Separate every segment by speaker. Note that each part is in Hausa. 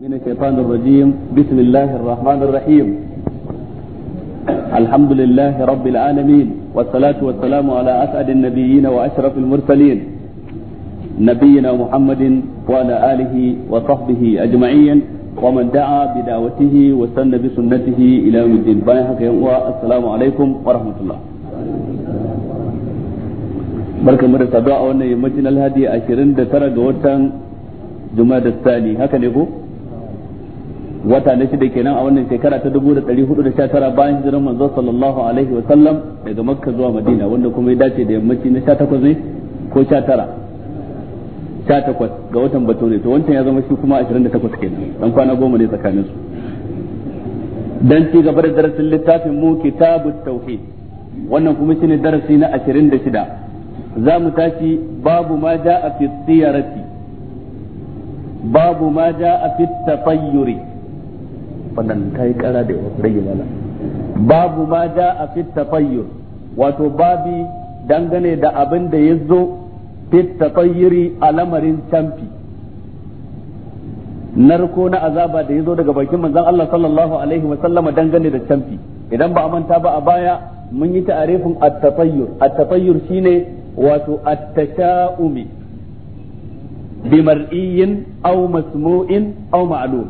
Speaker 1: من الشيطان الرجيم بسم الله الرحمن الرحيم الحمد لله رب العالمين والصلاة والسلام على أسعد النبيين وأشرف المرسلين نبينا محمد وعلى آله وصحبه أجمعين ومن دعا بدعوته وسن بسنته إلى يوم الدين والسلام عليكم ورحمة الله barkan mu da saduwa a wannan yammacin alhadi 29 ga watan juma'a da haka ne ko wata na shida kenan a wannan shekara ta 1419 bayan hijirar manzo sallallahu alaihi wa sallam daga makka zuwa madina wanda kuma ya dace da yammaci na 18 ne ko 19 18 ga watan bato ne to wancan ya zama shi kuma 28 kenan dan kwana goma ne tsakanin su dan ci gaba da darasin littafin mu kitabut tauhid wannan kuma shine darasi na 26 za mu tashi babu ma ja'a fi siyarati babu ma ja'a fi tafayyuri wannan ta kara da rage mana babu ma ja a fit tafayyur wato babi dangane da abin da ya zo fit tafayyuri a lamarin camfi narko na azaba da ya zo daga bakin manzon Allah sallallahu alaihi wa sallama dangane da camfi idan ba a manta ba a baya mun yi ta'arifin at-tafayyur at-tafayyur shine wato at-tasha'umi bi mar'iyyin aw masmu'in aw ma'lum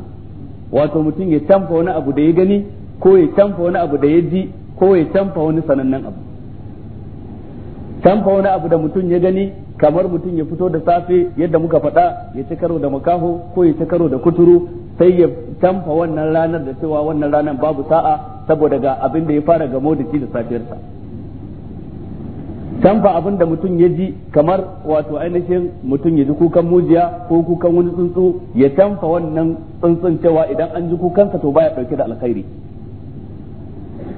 Speaker 1: wato mutum ya tamfa wani abu da ya gani ko ya tamfa wani abu da ya ji ko ya tamfa wani sanannen abu tamfa wani abu da mutum ya gani kamar mutum ya fito da safe yadda muka faɗa ya ci karo da makaho ko ya ci karo da kuturu sai ya tamfa wannan ranar da cewa wannan ranar babu sa'a saboda ga abin da ya fara gamo da shi da safiyarsa tamfa abin da mutum ya ji kamar wato ainihin mutum ya ji kukan mujiya ko kukan wani tsuntsu ya tamfa wannan tsuntsun cewa idan an ji kukansa to baya ɗauke da alkhairi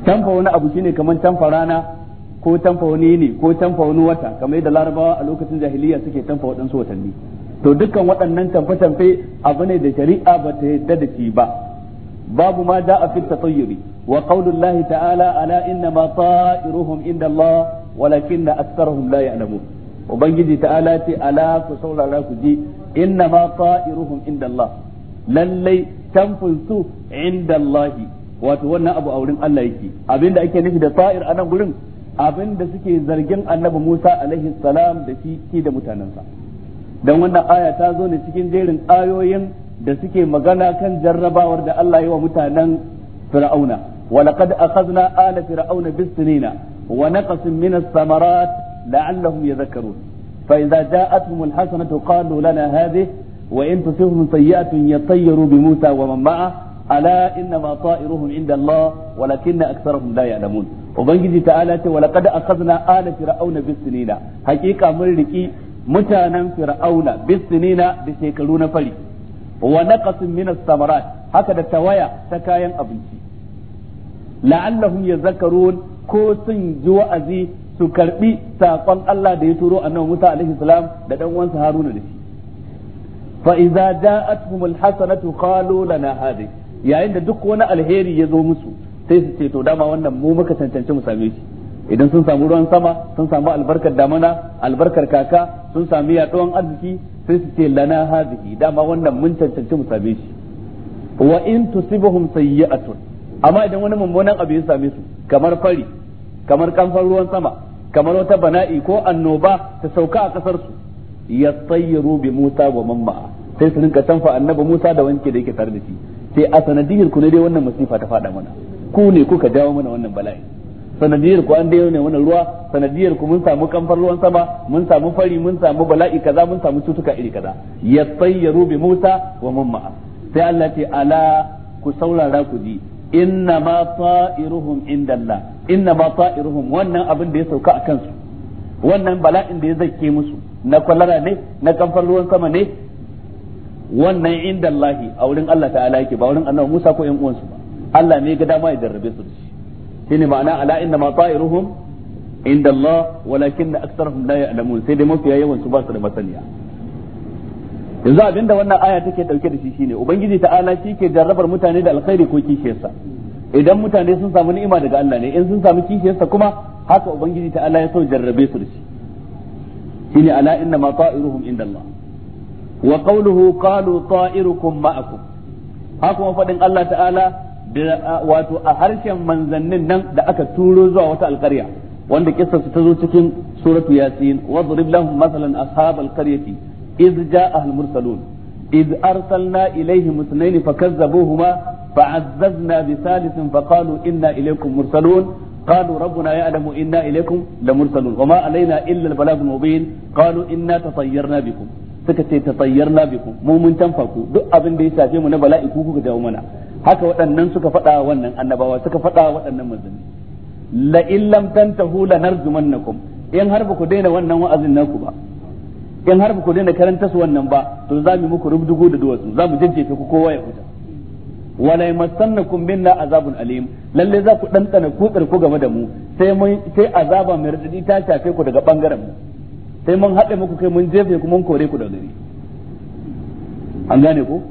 Speaker 1: tamfa wani abu shine kamar tamfa rana ko tamfa wani yini ko tamfa wani wata kamar yadda larabawa a lokacin jahiliya suke tamfa waɗansu watanni to dukkan waɗannan tamfe-tamfe abu ne da shari'a ba ta yadda da shi ba babu ma da a fitta tatayyuri wa ta'ala ala inna ma ta'iruhum inda Allah walakinna aktharuhum la ya'lamun ubangiji ta'ala ce ala ku saurara ku ji inna ma qa'iruhum inda Allah lallai tamfin su inda Allah wato wannan abu a wurin Allah yake abinda ake nufi da ta'ir a nan gurin abinda suke zargin annabi Musa alaihi salam da shi ki da mutanansa dan wannan aya ta zo ne cikin jerin ayoyin da suke magana kan jarrabawar da Allah yi wa mutanen Fir'auna ولقد أخذنا آل فرعون بالسنين ونقص من الثمرات لعلهم يذكرون فإذا جاءتهم الحسنة قالوا لنا هذه وإن تصبهم سيئة يطيروا بموسى ومن معه ألا إنما طائرهم عند الله ولكن أكثرهم لا يعلمون وبنجي تعالى ولقد أخذنا آل فرعون بالسنين حقيقة ملكي متانا فرعون بالسنين بشيكلون فلي ونقص من الثمرات هكذا توايا تكاين أبنتي la'allahum yadhakkarun ko sun ji wa'azi su karbi sakon Allah da ya turo annabi Musa alaihi salam da dan uwansa Haruna da shi fa idza ja'atuhum alhasanatu qalu lana hadi yayin da duk wani alheri ya zo musu sai su ce to dama wannan mu muka tantance mu same shi idan sun samu ruwan sama sun samu albarkar damana albarkar kaka sun sami yaduwan arziki sai su ce lana hadihi dama wannan mun tantance mu same shi wa in tusibuhum sayyi'atun amma idan wani mummunan abu ya same su kamar fari kamar kamfan ruwan sama kamar wata bana'i ko annoba ta sauka a kasar su ya yattayyaru bi Musa wa mamma sai su rinka canfa annabi Musa da wanke da yake tare da shi sai a sanadiyar ku ne dai wannan masifa ta fada mana ku ne kuka jawo mana wannan bala'i sanadiyar ku an daina ne wannan ruwa sanadiyar ku mun samu kamfan ruwan sama mun samu fari mun samu bala'i kaza mun samu cutuka iri kaza yattayyaru bi Musa wa mamma sai Allah ce ala ku saurara ku ji inna ma ta'iruhum indallah inna ma ta'iruhum wannan abin da ya sauka a kansu wannan bala'in da ya zake musu na kwalara ne na kamfar ruwan sama ne wannan indallahi a wurin Allah ta'ala yake ba wurin annabi Musa ko ƴan uwansu ba Allah ne ga dama ya darrabe su shi shine ma'ana ala inna ma ta'iruhum indallah walakin aktsaruhum la ya'lamun sai dai mafiya yawan su ba su da masaniya yanzu abinda wannan aya take dauke da shi shine ubangiji ta'ala shi ke jarrabar mutane da alkhairi ko kishiyarsa idan mutane sun samu ni'ima daga Allah ne in sun samu kishiyarsa kuma haka ubangiji ta'ala ya so jarrabe su da shi shine ala inna ma ta'iruhum inda Allah wa qawluhu qalu ta'irukum ma'akum haka kuma fadin Allah ta'ala da wato a harshen manzannin nan da aka turo zuwa wata alƙarya wanda kissarsu ta zo cikin suratu yasin wadrib lahum masalan ashab alqaryati iz ja'ahul mursalun iz arsalna ilaihim ithnayn fakazzabuhuma fa'azzazna bisalisin faqalu inna ilaykum mursalun قالوا ربنا يعلم إنا إليكم لمرسلون وما علينا إلا البلاغ المبين قالوا إنا تطيرنا بكم suka ce ta tsayyarna bikum mu mun canfa ku duk abin da ya shafe mu na bala'i ku kuka jawo mana haka waɗannan suka faɗa wannan annabawa suka faɗa waɗannan manzanni la tantahu in har ba ku daina wannan wa'azin naku ba in har ku daina karanta su wannan ba to za mu muku rubdugu da duwatsu za mu jajjefe ku kowa ya huta wala yamassannakum minna azabun alim lalle za ku dantsana ku ku game da mu sai mun sai azaba mai radadi ta tafe ku daga bangaren mu sai mun haɗe muku kai mun jefe ku mun kore ku da gari an gane ku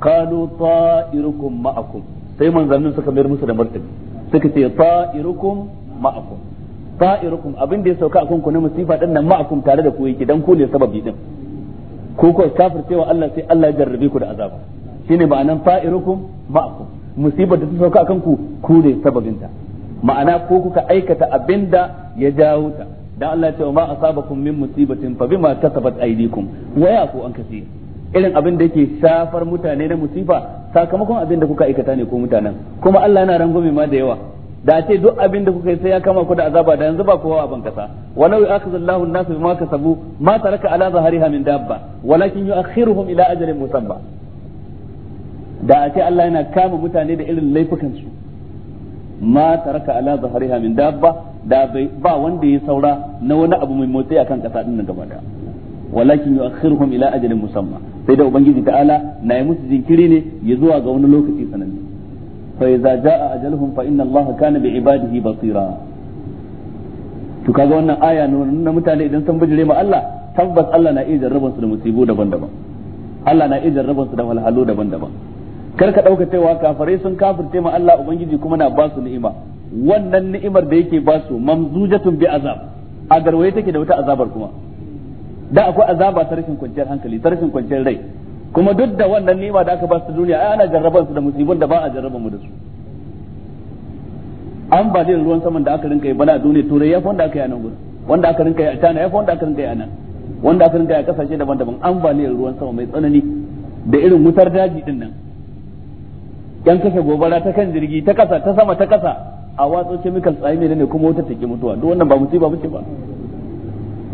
Speaker 1: qalu ta'irukum ma'akum sai manzannin suka mayar musu da martani suka ce ta'irukum ma'akum Fa'irukum abin da ya sauka akan ku na musifa din nan ma'akum tare da ku yake dan ku ne sababi din ko ko cewa Allah sai Allah ya jarrabe ku da azaba shine ma'anan fa'irukum ma'akum musibar da ta sauka akan ku ku ne sababinta ma'ana ko kuka aikata abinda ya jawo ta dan Allah ya ce ma asabakum min musibatin fa bima kasabat aydikum wa ku an kasir irin abin da yake shafar mutane na musifa sakamakon abin da kuka aikata ne ko mutanen kuma Allah yana rangume ma da yawa da ce duk abin da kuka yi sai ya kama ku da azaba da yanzu ba kowa a bankasa walau ya'khudhu Allahu an-nasa bima kasabu ma taraka ala zahriha min dabba walakin yu'akhiruhum ila ajalin musamma da a ce Allah yana kama mutane da irin laifukan su ma taraka ala zahriha min dabba da ba wanda ya saura na wani abu mai motsi akan kasa din nan gaba da walakin yu'akhiruhum ila ajalin musamma sai da ubangiji ta'ala na yi musu jinkiri ne ya zuwa ga wani lokaci sananne fa idza jaa ajaluhum fa inna allaha kana bi ibadihi basira to kaga wannan aya na mutane idan sun bijire ma Allah tabbas Allah na iya jarraban su da musibu daban-daban Allah na iya jarraban su da walhalu daban-daban kar ka dauka cewa kafare sun kafirce ma Allah ubangiji kuma na ba su ni'ima wannan ni'imar da yake ba su mamzujatun bi azab a garwaye take da wata azabar kuma da akwai azaba ta rashin kwanciyar hankali ta rashin kwanciyar rai kuma duk da wannan nima da aka ba su duniya ai ana jarraban su da musibin da ba a jarraban mu da su an ba zai ruwan saman da aka rinka yi bana a duniya turai ya wanda aka yi a nan gudu wanda aka rinka yi a tana ya wanda aka rinka yi a nan wanda aka rinka yi a kasashe daban-daban an ba ruwan sama mai tsanani da irin wutar daji din nan yan kashe gobara ta kan jirgi ta kasa ta sama ta kasa a watsa chemical tsaye ne ne kuma wata take mutuwa duk wannan ba musiba bace ba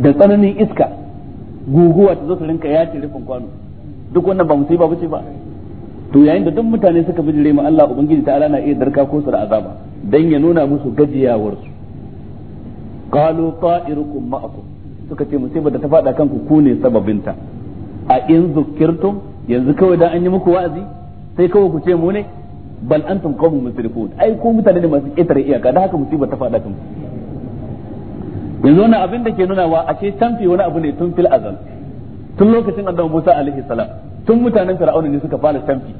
Speaker 1: da tsananin iska guguwa ta zo ta rinka yace rufin kwano duk wannan ba musiba ce ba to yayin da duk mutane suka bijire ma Allah ubangiji ta'ala na iya darka ko su da azaba dan ya nuna musu gajiyawar su qalu ta'irukum ma'akum suka ce musibar da ta fada kanku ku ne sababin ta. a in zukirtum yanzu kawai dan an yi muku wa'azi sai kawai ku ce mu ne bal antum qawmun musrifun ai ko mutane ne masu itare iyaka da haka musibar ta fada kanku yanzu wannan abin da ke nuna wa ashe tanfi wani abu ne tun fil azal tun lokacin annabi Musa alaihi salam tun mutanen fir'auna ne suka fara tamfi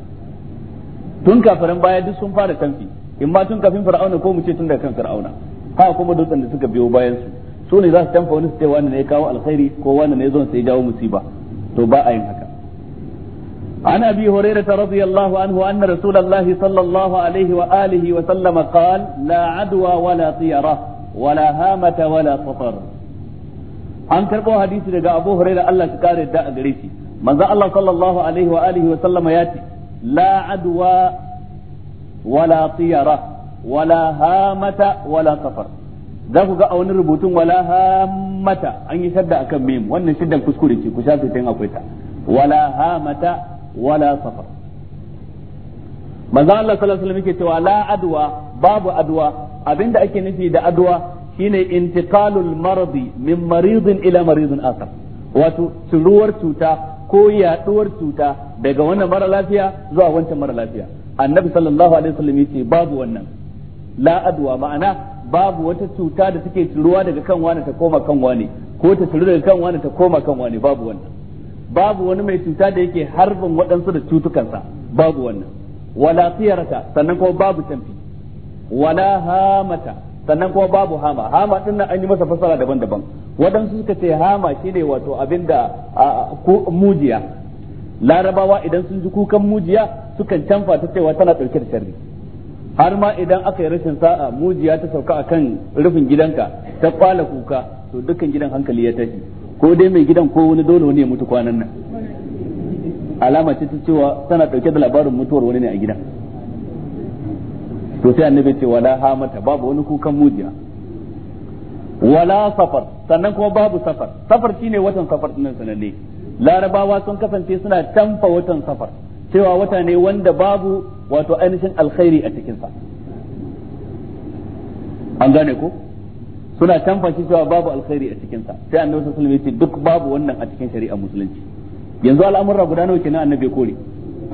Speaker 1: tun kafiran baya duk sun fara tamfi in ma tun kafin fir'auna ko mu ce tun daga kan fir'auna ha kuma dutsen da suka biyo bayan su su ne za su tamfa wani su ce wani ne ya kawo alkhairi ko wani ne zon sai ya jawo musiba to ba a yin haka عن ابي هريره رضي الله عنه ان رسول الله صلى الله عليه واله وسلم قال لا عدوى ولا طيره ولا هامه ولا صفر an karɓo hadisi daga Abu Hurairah Allah shi kare da a gare shi manzo Allah sallallahu alaihi wa alihi wa sallama ya ce la adwa wala tiyara wala hamata wala safar za ku ga a wani rubutun wala hamata an yi shadda akan mim wannan shiddan kuskure ce ku shafe tin akwai ta wala hamata wala safar manzo Allah sallallahu alaihi wa sallam yake cewa la adwa babu adwa abinda ake nufi da adwa shine intiqalul maradi min maridin ila maridin akhar wato tsuruwar cuta ko yaduwar cuta daga wannan mara lafiya zuwa wancan mara lafiya annabi sallallahu alaihi wasallam yace babu wannan la adwa ma'ana babu wata cuta da take tsuruwa daga kan wani ta koma kan wani ko ta tsuru daga kan wani ta koma kan wani babu wannan babu wani mai cuta da yake harbin waɗansu da cutukansa babu wannan wala tsiyarata sannan kuma babu tamfi. wala hamata sannan kuma babu hama hama din nan an yi masa fasara daban-daban waɗansu suka ce hama shine wato abinda mujiya larabawa idan sun ji kukan mujiya sukan canfa ta cewa tana ɗauke da sharri har ma idan aka yi rashin sa'a mujiya ta sauka akan rufin gidanka ta kwala kuka to dukkan gidan hankali ya tashi ko dai mai gidan ko wani dole wani ya mutu kwanan nan alama ce ta cewa tana ɗauke da labarin mutuwar wani ne a gidan to sai annabi ce wala hamata babu wani kukan mujiya wala safar sannan kuma babu safar safar shine watan safar dinnan sananne larabawa sun kasance suna tamfa watan safar cewa wata ne wanda babu wato ainihin alkhairi a cikinsa an gane ko suna tamfa shi cewa babu alkhairi a cikinsa sai annabi sallallahu alaihi duk babu wannan a cikin shari'a musulunci yanzu al'amurra guda nawa kenan annabi kore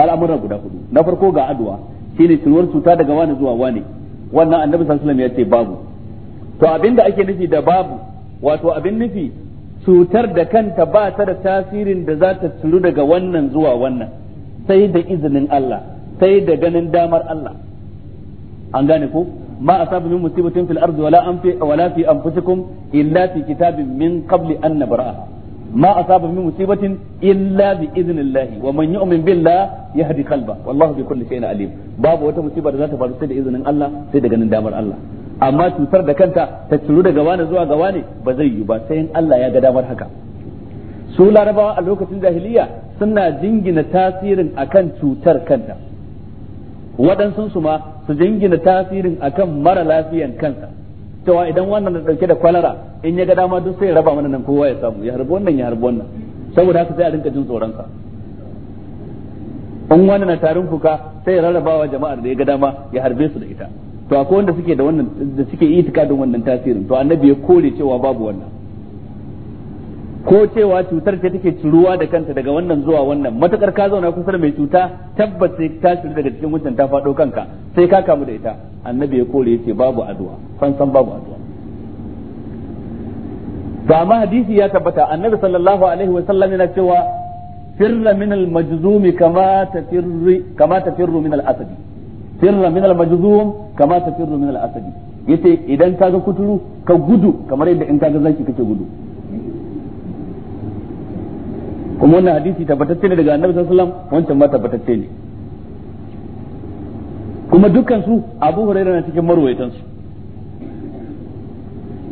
Speaker 1: al'amurra guda hudu na farko ga addu'a shine shiruwar cuta daga wani zuwa wani wannan annabi sallallahu alaihi wasallam ya ce babu to abinda ake nufi da babu wato abin nufi cutar da kanta ba ta da tasirin da za ta ciru daga wannan zuwa wannan sai da izinin Allah sai da ganin damar Allah an gane ko ma asabu min musibatin fil ardi wala anfi wala fi anfusikum illa fi kitabin min qabli an nabra'a ما أصاب من مصيبة إلا بإذن الله ومن يؤمن بالله يهدي قلبه والله بكل شيء عليم باب wata musiba da za ta faru sai da izinin Allah sai da ganin damar Allah amma cutar da kanta ta da daga wani zuwa gaba ne, ba zai yi ba sai in Allah ya ga damar haka su larabawa a lokacin jahiliya suna jingina tasirin akan cutar kanta waɗansu su su jingina tasirin akan mara lafiyar kansa Tawa idan wannan da dauke da kwalara in ya ga dama duk sai ya raba mana nan kowa ya samu ya harbi wannan ya harbi wannan saboda haka sai a rinka jin tsoron ka in wani na tarin fuka sai ya rarrabawa jama'ar da ya ga dama ya harbe su da ita to akwai wanda suke da wannan da suke itikadin wannan tasirin to annabi ya kore cewa babu wannan ko cewa cutar ce take ciruwa da kanta daga wannan zuwa wannan matakar ka zauna kusa da mai cuta tabbas sai ta shiru daga cikin wancan ta faɗo kanka sai ka kamu da ita annabi ya kore ya ce babu addu'a fansan babu addu'a ba ma hadisi ya tabbata annabi sallallahu alaihi wa sallam yana cewa firra min al majzum kama tafirru kama tafirru min al asadi firra min al majzum kama tafirru min al asadi yace idan kaga kuturu ka gudu kamar yadda in kaga zaki kake gudu kuma wannan hadisi tabbatacce ne daga annabi sallallahu alaihi wa sallam wancan ma tabbatacce ne kuma dukkan su Abu Hurairah na cikin marwayatan su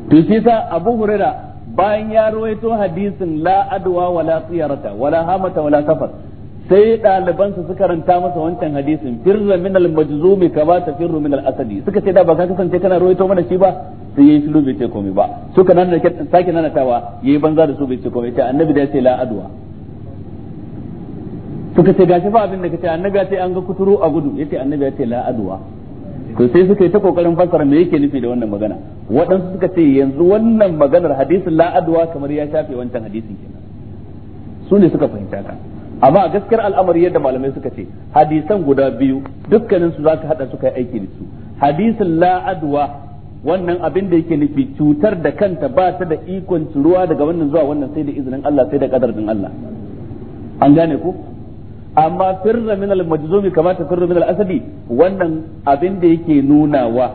Speaker 1: to sai yasa Abu Hurairah bayan ya ruwaito hadisin la adwa wala tsiyarata wala hamata wala safar sai ɗalibansa suka ranta masa wancan hadisin firra min al majzumi kaba ta firru min al asadi suka ce da ba ka kasance kana ruwaito mana shi ba sai yayi shiru bai ce komai ba suka nan da sake nanatawa yayi banza da su bai ce komai ta annabi da sai la adwa suka ce gashi fa abin da kace annabi ya ce an ga kuturu a gudu yace annabi ya ce la adwa to sai suka yi ta kokarin fassara me yake nufi da wannan magana waɗansu suka ce yanzu wannan maganar hadisin la'adwa kamar ya shafe wancan hadisin kenan su ne suka fahimta ka amma a gaskiyar al'amari yadda malamai suka ce hadisan guda biyu dukkanin su zaka hada su kai aiki da su hadisin la'adwa wannan abin da yake nufi cutar da kanta ba ta da ikon ruwa daga wannan zuwa wannan sai da izinin Allah sai da kadarin Allah an gane ku amma firra min al-majzumi kama ta firra min al-asadi wannan abin da yake nunawa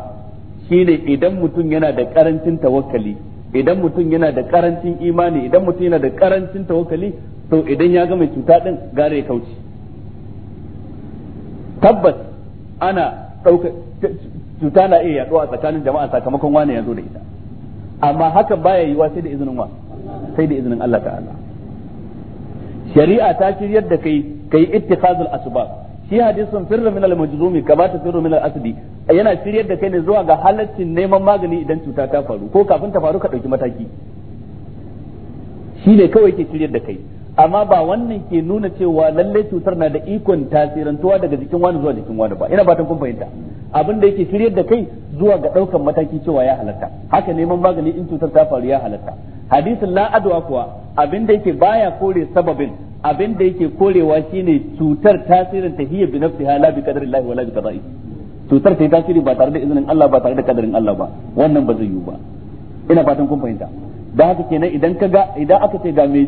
Speaker 1: shine idan mutum yana da karancin tawakkali idan mutum yana da karancin imani idan mutum yana da karancin tawakkali to idan ya ga mai cuta din gare ya kauce tabbas ana dauka cuta na iya yaduwa a tsakanin jama'a sakamakon wani ya zo da ita amma hakan baya yiwa sai da izinin wa sai da izinin Allah ta'ala shari'a ta shiryar da kai kai ittikhazul asbab shi hadisin firru min al-majzumi kama ta firru min asdi yana shiryar da kai ne zuwa ga halaccin neman magani idan cuta ta faru ko kafin ta faru ka dauki mataki shi ne kawai ke shiryar da kai amma ba wannan ke nuna cewa lallai cutar na da ikon tasirantuwa daga jikin wani zuwa jikin wani ba ina batun kun fahimta abin da yake shiryar da kai zuwa ga daukan mataki cewa ya halatta haka neman magani in cutar ta faru ya halatta hadisin la kuwa abin da yake baya kore sababin abin da yake korewa shine cutar tasirin ta tahiyya bi nafsi la bi qadari Allah wala bi qada'i cutar ta yi tasiri ba tare da izinin Allah ba tare da kadarin Allah ba wannan ba zai yiwu ba ina fatan kun fahimta da haka kenan idan ka ga idan aka ce ga mai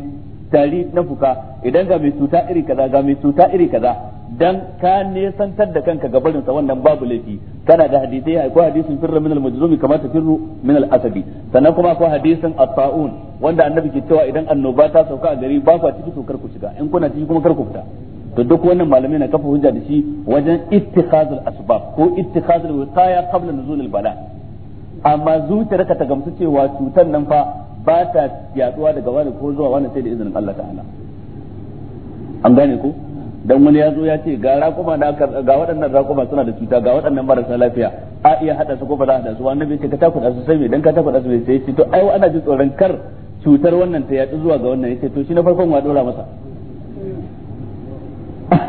Speaker 1: tari na fuka idan ga mai cuta iri kaza ga mai cuta iri kaza dan ka nesantar da kanka ga barinsa wannan babu laifi kana da hadisai ko hadisin firra min al-majzumi kama firru min al-asabi sannan kuma akwai hadisin at-ta'un wanda annabi ke cewa idan annoba ta sauka a gari ba ku ciki to kar ku shiga in kuna ciki kuma kar ku fita to duk wannan malamai na kafa hujja da shi wajen ittikhazul asbab ko ittikhazul wiqaya qabla nuzul al-bala amma zuciyar ka ta gamsu cewa cutar nan fa ba ta yaduwa daga wani ko zuwa wani sai da izinin Allah ta'ala an gane ko dan wani ya zo ya ce ga raƙuma da aka ga waɗannan raƙuma suna da cuta ga waɗannan marasa lafiya a iya hada su ko ba za a hada su annabi ce ka takuda su sai me dan ka takuda su sai ce to ai ana ji tsoron kar cutar wannan ta yaɗu zuwa ga wannan yace to shi na farkon wa dora masa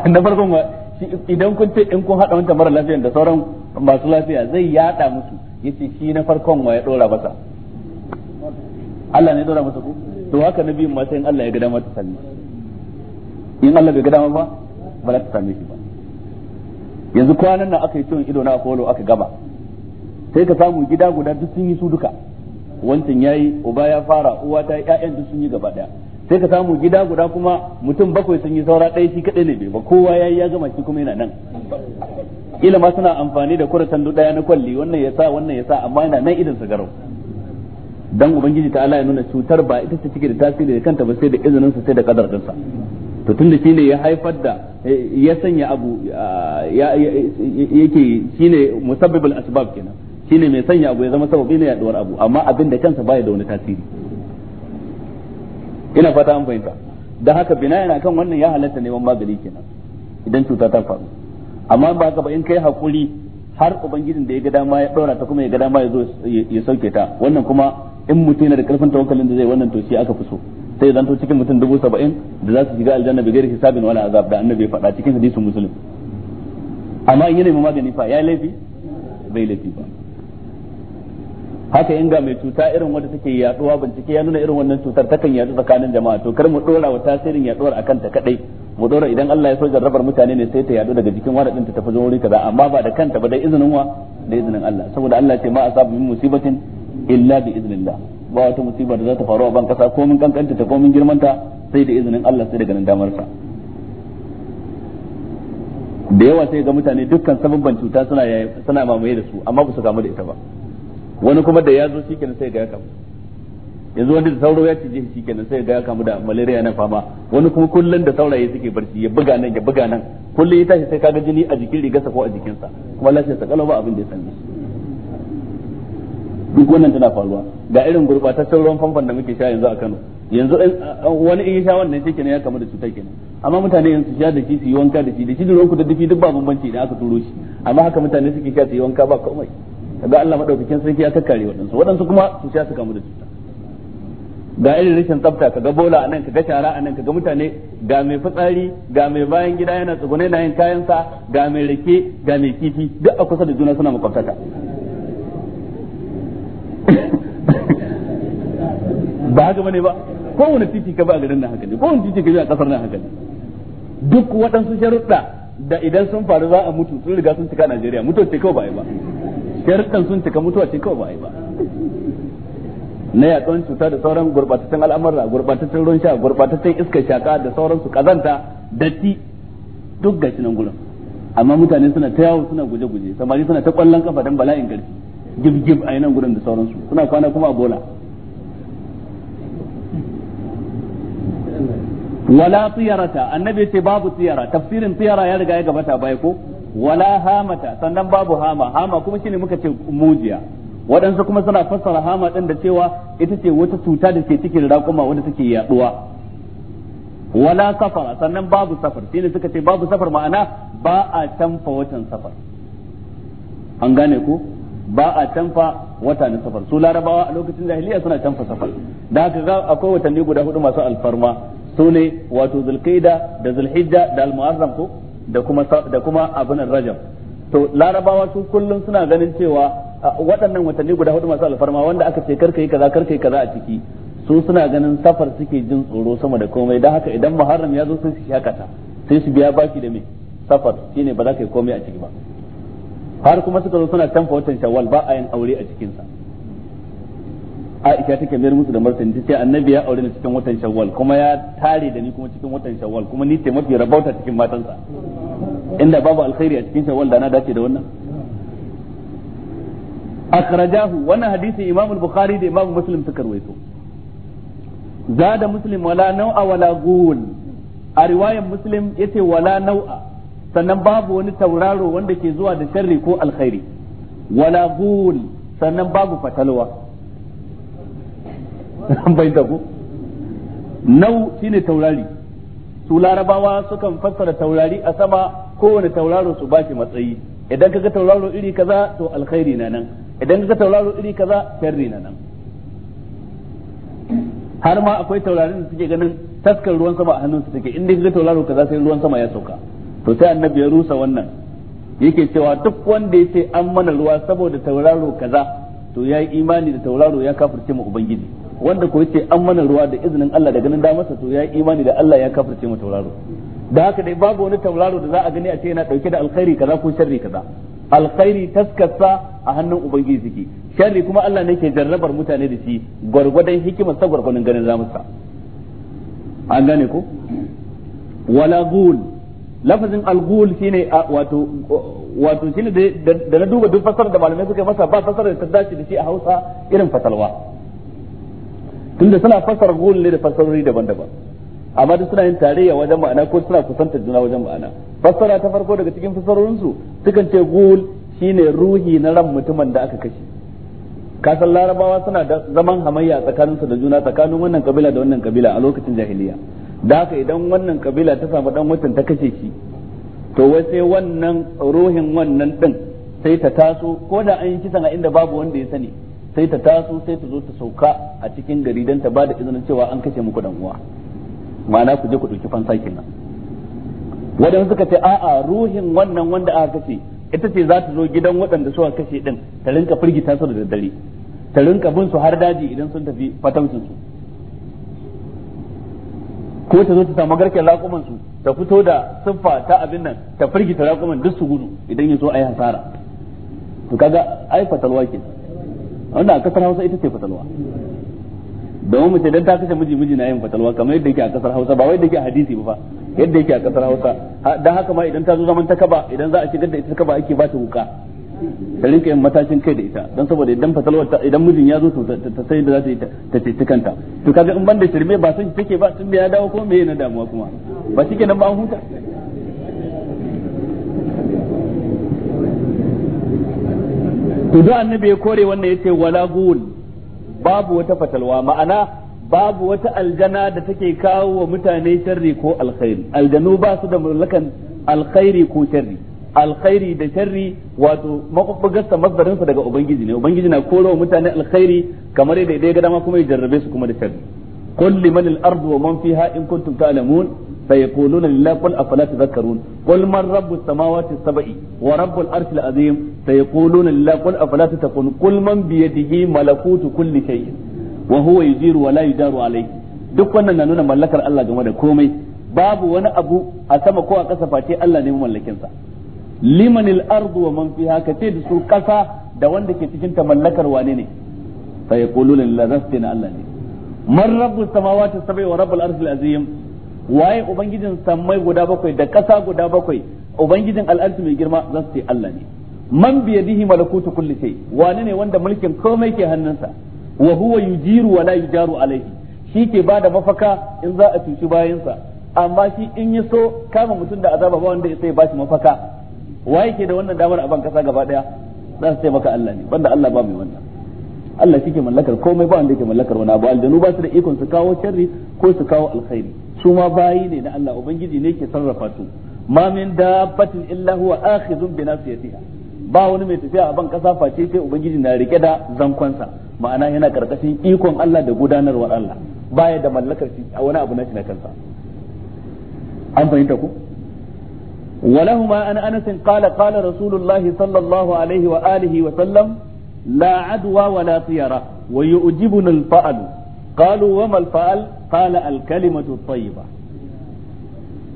Speaker 1: na farkon wa idan kun ce in kun hada wancan mara lafiyan da sauran masu lafiya zai yada musu yace shi na farkon wa ya dora masa Allah ne dora masa ku to haka nabi ma sai in Allah ya ga dama ta salli in Allah bai ga dama ba ba za ta same shi ba yanzu kwanan nan aka yi ciwon ido na akolo aka gaba sai ka samu gida guda duk sun yi su duka wancan yi uba ya fara uwa ta yayan duk sun yi gaba daya sai ka samu gida guda kuma mutum bakwai sun yi saura ɗaya shi kaɗai ne bai ba kowa ya yi ya gama shi kuma yana nan ila ma suna amfani da kuratan duk ɗaya na kwalli wannan ya sa wannan ya sa amma yana nan idan su garau dan ubangiji ta Allah ya nuna cutar ba ita ce take da tasiri da kanta ba sai da izinin sa sai da kadar dinsa to tunda shine ya haifar da ya sanya abu yake shine musabbibul asbab kenan shine mai sanya abu ya zama sababi ne yaduwar abu amma abin da kansa baya da wani tasiri ina fata an fahimta dan haka yana kan wannan ya halatta neman magani kenan idan cuta ta faru amma ba haka ba in kai hakuri har ubangijin da ya ga dama ya daura ta kuma ya ga dama ya zo ya sauke ta wannan kuma in mutum yana da karfin tawakkalin da zai wannan to shi aka fi so sai zanto cikin mutum dubu saba'in da za su shiga aljanna bi gairi hisabin wala azab da annabi ya faɗa cikin hadisin musulun amma in yana mai magani fa ya laifi bai laifi ba haka in ga mai cuta irin wanda take yaduwa bincike ya nuna irin wannan cutar takan yadu tsakanin jama'a to kar mu dora wa tasirin yaduwar akan ta kadai mu dora idan Allah ya so jarrabar mutane ne sai ta yadu daga jikin wani din ta tafi wuri kaza amma ba da kanta ba dai izinin wa da izinin Allah saboda Allah ce ma asabu min musibatin illa bi iznillah ba wata musiba da za ta faru a ban kasa ko mun kankanta ta ko mun girmanta sai da izinin Allah sai daga nan damar sa da yawa sai ga mutane dukkan sababban cuta suna suna mamaye da su amma ba su kamu da ita ba wani kuma da ya zo shikenan sai ga ya kamu yanzu wanda da sauro ya ci shi kenan sai ga ya kamu da malaria na fama wani kuma kullun da sauraye suke barci ya buga nan ya buga nan kullun ya tashi sai kaga jini a jikin rigarsa ko a jikinsa kuma lafiyarsa kalau ba abin da ya same shi duk wannan tana faruwa ga irin gurbataccen ruwan famfon da muke sha yanzu a Kano yanzu wani in sha wannan shi kenan ya kama da cutar kenan amma mutane yanzu sha da shi su yi wanka da shi da shi da ruwan kududdufi duk ba bambanci idan aka turo shi amma haka mutane suke sha su yi wanka ba komai kaga Allah madaukakin sarki ya kakkare waɗansu waɗansu kuma su sha su kamu da cuta ga irin rashin tsafta kaga bola anan kaga shara anan kaga mutane ga mai fitsari ga mai bayan gida yana tsugune na yin kayansa ga mai rake ga mai kifi duk a kusa da juna suna makwabtaka ba haka bane ba kowane titi ka ba a garin nan haka ne kowane titi ka bi a kasar nan haka ne duk waɗansu sharuɗa da idan sun faru za a mutu sun riga sun cika Najeriya mutuwa ce kawai ba a yi ba sharuɗan sun cika mutuwa ce kawai ba a yi ba na yaduwan cuta da sauran gurɓataccen al'amura gurɓataccen ruwan sha gurɓataccen iskar shaka da sauransu kazanta datti duk gashi nan gurin amma mutane suna ta yawo suna guje-guje samari suna ta kwallon kafa don bala'in garki gib gib a nan gurin da sauransu suna kwana kuma a bola wala tiyarata annabi ce babu tiyara tafsirin tiyara ya riga ya gabata bai ko wala hamata sannan babu hama hama kuma shine muka ce mujiya waɗansu kuma suna fassara hama ɗin da cewa ita ce wata cuta da ke cikin raƙuma wanda take yaɗuwa wala safara sannan babu safar shine suka ce babu safar ma'ana ba a canfa watan safar an gane ko ba a canfa wata na safar su larabawa a lokacin jahiliya suna canfa safar da haka ga akwai watanni guda hudu masu alfarma su ne wato zulkaida da zulhijja da almuharram ko da kuma da kuma abun rajab to larabawa su kullum suna ganin cewa waɗannan watanni guda hudu masu alfarma wanda aka ce karka yi kaza karka yi kaza a ciki su suna ganin safar suke jin tsoro sama da komai da haka idan muharram ya zo sun shakata sai su biya baki da me safar shine ba za ka yi komai a ciki ba har kuma suka zo suna tamfa watan shawwal ba a yin aure a cikin sa Aisha take mayar musu da martani tace annabi ya aure ni cikin watan shawwal kuma ya tare da ni kuma cikin watan shawwal kuma ni ce mafi rabauta cikin matansa inda babu alkhairi a cikin shawwal da na dace da wannan akhrajahu wannan hadisi imam al-bukhari da imam muslim suka rawaito zada muslim wala nau'a wala ghul a riwayar muslim yace wala nau'a sannan babu wani tauraro wanda ke zuwa da sharri ko alkhairi wala ghul sannan babu fatalwa bai da ku nau shine taurari su larabawa sukan fassara taurari a sama kowane tauraro su bashi matsayi idan kaga tauraro iri kaza to alkhairi na nan idan kaga tauraro iri kaza sharri na nan har ma akwai taurarin da suke ganin taskar ruwan sama a hannunsu take inda kaga tauraro kaza sai ruwan sama ya sauka to sai annabi ya rusa wannan yake cewa duk wanda ya ce an mana ruwa saboda tauraro kaza to ya yi imani da tauraro ya kafirce mu ubangiji wanda ko yace an mana ruwa da izinin Allah da ganin damarsa to ya yi imani da Allah ya kafirce mu tauraro da haka dai babu wani tauraro da za a gani a ce yana dauke da alkhairi kaza ko sharri kaza alkhairi taskasa a hannun ubangiji suke sharri kuma Allah ne ke jarrabar mutane da shi gwargwadon hikimar sa gwargwadon ganin damarsa an gane ko wala gul lafazin algul shine wato wato shine da na duba duk fasara da malamai suka masa ba fasara da ta dace da shi a Hausa irin fatalwa tunda suna fasara gol ne da fasarori daban-daban amma duk suna yin tarayya wajen ma'ana ko suna kusantar juna wajen ma'ana fasara ta farko daga cikin su sukan ce gul shine ruhi na ran mutumin da aka kashe kasan larabawa suna da zaman hamayya tsakaninsu da juna tsakanin wannan kabila da wannan kabila a lokacin jahiliya da haka idan wannan kabila ta samu dan watan ta kashe shi to wai sai wannan ruhin wannan din sai ta taso ko da an yi kisan a inda babu wanda ya sani sai ta taso sai ta zo ta sauka a cikin gari don ta bada izinin cewa an kashe muku dan uwa ma'ana ku je ku ɗauki fansa kenan wadan suka ce a'a ruhin wannan wanda aka kashe ita ce za ta zo gidan waɗanda suka kashe din ta rinka firgita su da daddare ta rinka bin su har daji idan sun tafi fataucin su ko ta zo ta samu garken raƙuman su ta fito da siffa ta abin nan ta firgita raƙuman duk su gudu idan ya zo a yi hasara to kaga ai fatalwa ke wanda a kasar hausa ita ce fatalwa domin mace dan ta kashe miji miji na yin fatalwa kamar yadda yake a kasar hausa ba wai da yake a hadisi ba yadda yake a kasar hausa dan haka ma idan ta zo zaman takaba idan za a shigar da ita takaba ake ba ta wuka ka rinka yin matashin kai da ita don saboda idan ta idan mijin ya zo to ta sai da za ta yi ta ce kanta to kaga in da shirme ba sun take ba tun da ya dawo kuma me yana damuwa kuma ba shike nan ba an huta to da annabi ya kore wannan yace wala gun babu wata fatalwa ma'ana babu wata aljana da take kawo wa mutane sharri ko alkhairi aljanu ba su da mulkan alkhairi ko sharri alkhairi da sharri wato makwabgarsa masdarin daga ubangiji ne ubangiji na koro mutane alkhairi kamar yadda dai ga dama kuma ya jarrabe su kuma da sharri qul liman al-ard wa man fiha in kuntum ta'lamun sayaquluna lillahi qul afala tadhakkarun qul man rabbus samawati sab'i wa rabbul arshil azim sayaquluna lillahi qul afala tattaqun qul man bi yadihi malakutu kulli shay'in wa duk wannan na nuna mallakar Allah game da komai babu wani abu a sama ko a kasa face Allah ne mallakin sa liman al-ardu wa man fiha ka da su kasa da wanda ke cikin ta mallakar wane ne fa yaquluna lillahi zasti Allah ne man rabbu samawati sab'i wa rabbul al azim waye ubangijin sammai guda bakwai da kasa guda bakwai ubangijin al-ardi mai girma zasti Allah ne man yadihi malakutu kulli shay wane ne wanda mulkin komai ke hannunsa wa huwa yujiru wa la yujaru laifi shi ke bada mafaka in za a cuci bayansa amma shi in yi so kama mutum da azaba ba wanda ya sai ba shi mafaka waye ke da wannan damar a ban kasa gaba daya za su ce maka Allah ne banda Allah ba mai wannan Allah shi ke mallakar komai ba wanda yake mallakar wani abu aljanu ba su da ikon su kawo sharri ko su kawo alkhairi su ma bayi ne na Allah ubangiji ne ke sarrafa su ma min dabbatin illa huwa akhizun bi nasiyatiha ba wani mai tafiya a ban kasa face sai ubangiji na rike da zankonsa ma'ana yana karkashin ikon Allah da gudanarwar Allah baya da mallakar shi a wani abu na shi na kansa an fahimta ku ولهما عن أنس قال قال رسول الله صلى الله عليه وآله وسلم لا عدوى ولا طيرة ويؤجبنا الفأل قالوا وما الفأل قال الكلمة الطيبة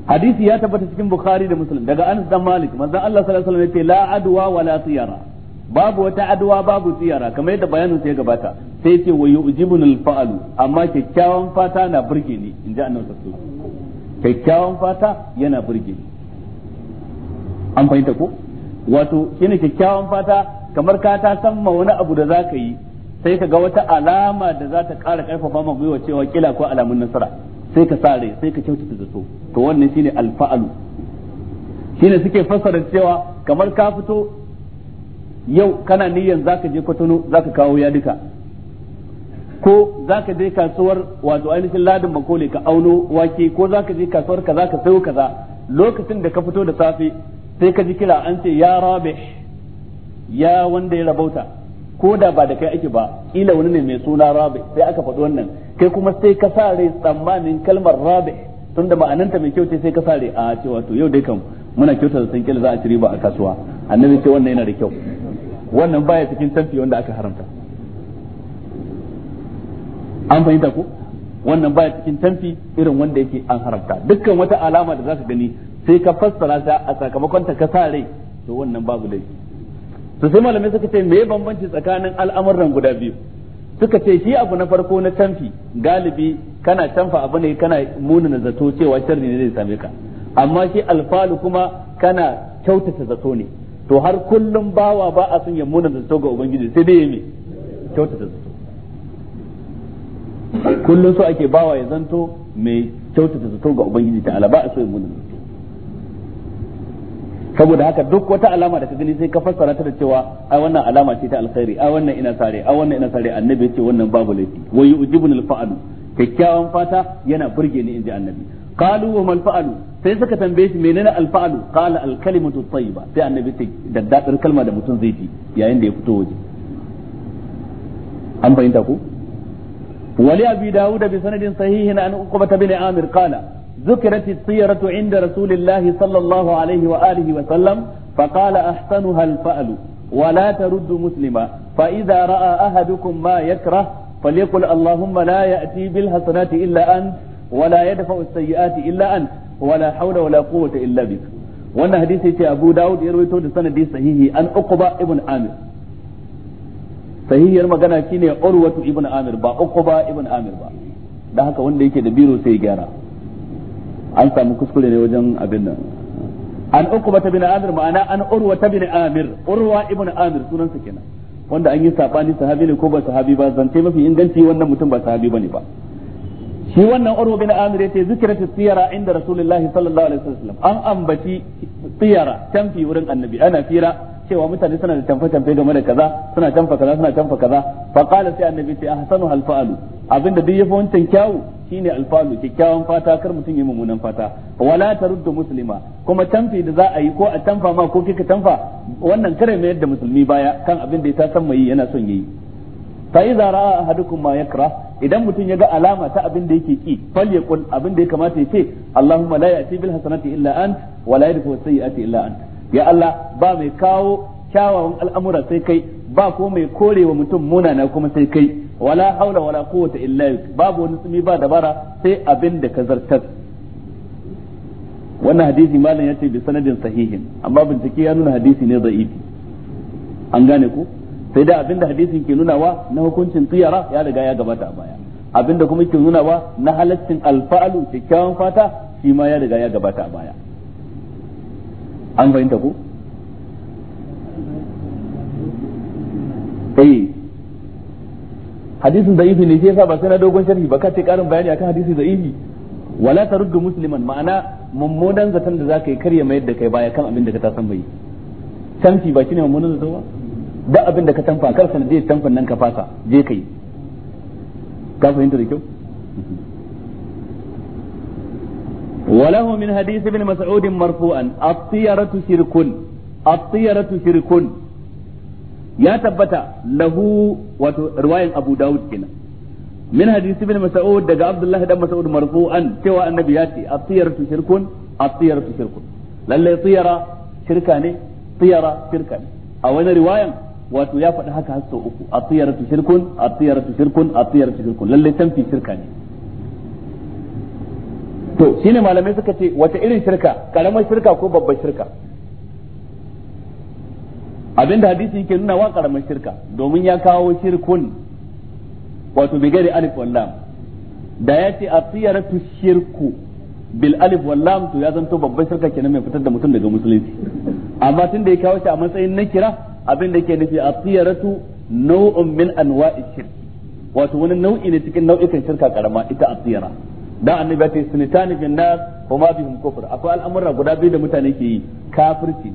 Speaker 1: hadisi ya tabbata cikin bukhari da muslim daga anas dan malik manzon Allah sallallahu alaihi wasallam yace la adwa wala tiyara babu wata aduwa babu tiyara kamar yadda bayanin sai gabata sai yace wa yujibunul fa'alu amma kyakkyawan fata na burge ni inji kyakkyawan fata yana burge an fahimta ko wato shine kyakkyawan fata kamar ka ta san ma wani abu da zaka yi sai ka ga wata alama da za ta ƙara ƙarfafa ma gwiwa cewa kila ko alamun nasara sai ka sa rai sai ka kyautata da so to wannan shine alfa'alu shine suke fassara cewa kamar ka fito yau kana niyyar zaka je kwatano zaka kawo ya duka, ko zaka je kasuwar wato ainihin ladin makole ka auno wake ko zaka je kasuwar kaza ka sayo kaza lokacin da ka fito da safe sai ka ji kira an ce ya rabe ya wanda ya rabauta ko da ba da kai ake ba ila wani ne mai suna rabe sai aka faɗi wannan kai kuma sai ka sa rai tsammanin kalmar tun tunda ma'ananta mai kyau ce sai ka sa rai a cewa to yau dai kan muna kyautar san kila za a ci riba a kasuwa annabi ce wannan yana da kyau wannan baya cikin tafi wanda aka haramta an fahimta ko wannan baya cikin tamfi irin wanda yake an haramta dukkan wata alama da za ka gani sai ka fassara ta a sakamakon ta ka sa rai to wannan babu laifi to sai malamai suka ce me bambanci tsakanin al'amuran guda biyu suka ce shi abu na farko na tamfi galibi kana tamfa abu ne kana munana zato cewa sharri ne zai same ka amma shi alfalu kuma kana kyautata zato ne to har kullum bawa ba a son ya munana zato ga ubangiji sai dai me kyautata zato kullum so ake bawa ya zanto mai kyautata zato ga ubangiji ta'ala ba a so ya munana saboda haka duk wata alama da ka gani sai ka fassara ta da cewa ai wannan alama ce ta alkhairi ai wannan ina sare ai wannan ina sare annabi ya ce wannan babu laifi wa yujibun alfa'alu kyakkyawan fata yana burge ni inji annabi qalu wa mal fa'alu sai suka tambaye shi menene alfa'alu qala alkalimatu tayyiba sai annabi ce daddadar kalma da mutum zai ji yayin da ya fito waje an fahimta ko wali abi dawud bi sanadin sahihin an uqbata bin amir qala ذكرت الطيرة عند رسول الله صلى الله عليه وآله وسلم فقال أحسنها الفأل ولا ترد مسلما فإذا رأى أحدكم ما يكره فليقل اللهم لا يأتي بالحسنات إلا أنت ولا يدفع السيئات إلا أنت ولا حول ولا قوة إلا بك وأن حديث أبو داود يرويته بسند صحيح أن أقبى ابن عامر sahihiyar magana shine urwatu ibn amir ba uqba ibn amir ba dan haka wanda yake da biro sai gyara an samu kuskure ne wajen abin nan an uku bata bin amir ma'ana an urwa ta bin amir urwa ibn amir sunansa kenan wanda an yi sabani sahabi ne ko ba sahabi ba zance mafi inganci wannan mutum ba sahabi bane ba shi wannan urwa bin amir yace zikratu siyara inda rasulullahi sallallahu alaihi wasallam an ambaci siyara tamfi wurin annabi ana fira cewa mutane suna da tamfa tamfe game da kaza suna tamfa kaza suna tamfa kaza fa qala sai annabi sai ahsanu hal fa'alu abinda duk yafi wancan kyawu shine alfanu kikkiawan fata kar mutum yi mummunan fata wala ta taruddu muslima kuma tamfi da za a yi ko a tamfa ma ko kika tamfa wannan kare mai yadda musulmi baya kan abin da ya san mai yana son yayi fa idza ra'a ahadukum ma yakra idan mutum ya ga alama ta abin da yake ki falyakul abin da ya kamata ya ce Allahumma la ya'ti bil hasanati illa ant wa la yadfu sayyi'ati illa ant ya Allah ba mai kawo kyawawan al'amura sai kai ba ko mai korewa mutum munana kuma sai kai wala haula wala quwwata illa billah babu wani tsumi ba dabara sai abin da ka zartar wannan hadisi malam yace bi sanadin sahihin amma bincike ya nuna hadisi ne da'ifi an gane ko sai da abinda hadisin ke nuna wa na hukuncin tiyara ya riga ya gabata a baya abinda kuma ke nuna wa na halaccin alfa'alu kyakkyawan fata shi ma ya riga ya gabata a baya an fahimta ko eh hadisin da'ifi ne sai yasa ba sai na dogon sharhi ba ka ce karin bayani akan hadisi da'ifi wala taruddu musliman ma'ana mummunan zaton da zaka yi karya mayar da kai baya kan abin da ka san bai tamfi ba kine mummunan zato ba da abin da ka tamfa kar je tamfan nan ka fasa je kai ka fahimta da kyau وله من حديث ابن مسعود مرفوعا الطيرة شرك الطيرة شرك ya tabbata lahu wato riwayan Abu Dawud kenan min hadisi bin Mas'ud daga abdullahi dan Mas'ud marfu'an cewa annabi ya ce at-tiyaratu shirkun at-tiyaratu shirkun lalle tiyara shirka ne tiyara shirka ne a wani riwayan wato ya faɗi haka har sau uku at-tiyaratu shirkun at-tiyaratu shirkun at-tiyaratu shirkun lalle tanfi shirka ne to shine malamai suka ce wata irin shirka karamar shirka ko babbar shirka abinda hadisi yake nuna wa karamin shirka domin ya kawo shirkun wato bi alif wal da ya ce atiyaratu shirku bil alif wal to ya zanto babban shirka kenan mai fitar da mutum daga musulunci amma tun da ya kawo shi a matsayin na kira abin da yake nufi atiyaratu nau'un min anwa'i shirk wato wani nau'i ne cikin nau'ikan shirka karama ita atiyara da annabi ya ce sunitani bin nas kuma bihum kufur akwai al'amuran guda biyu da mutane ke yi kafirci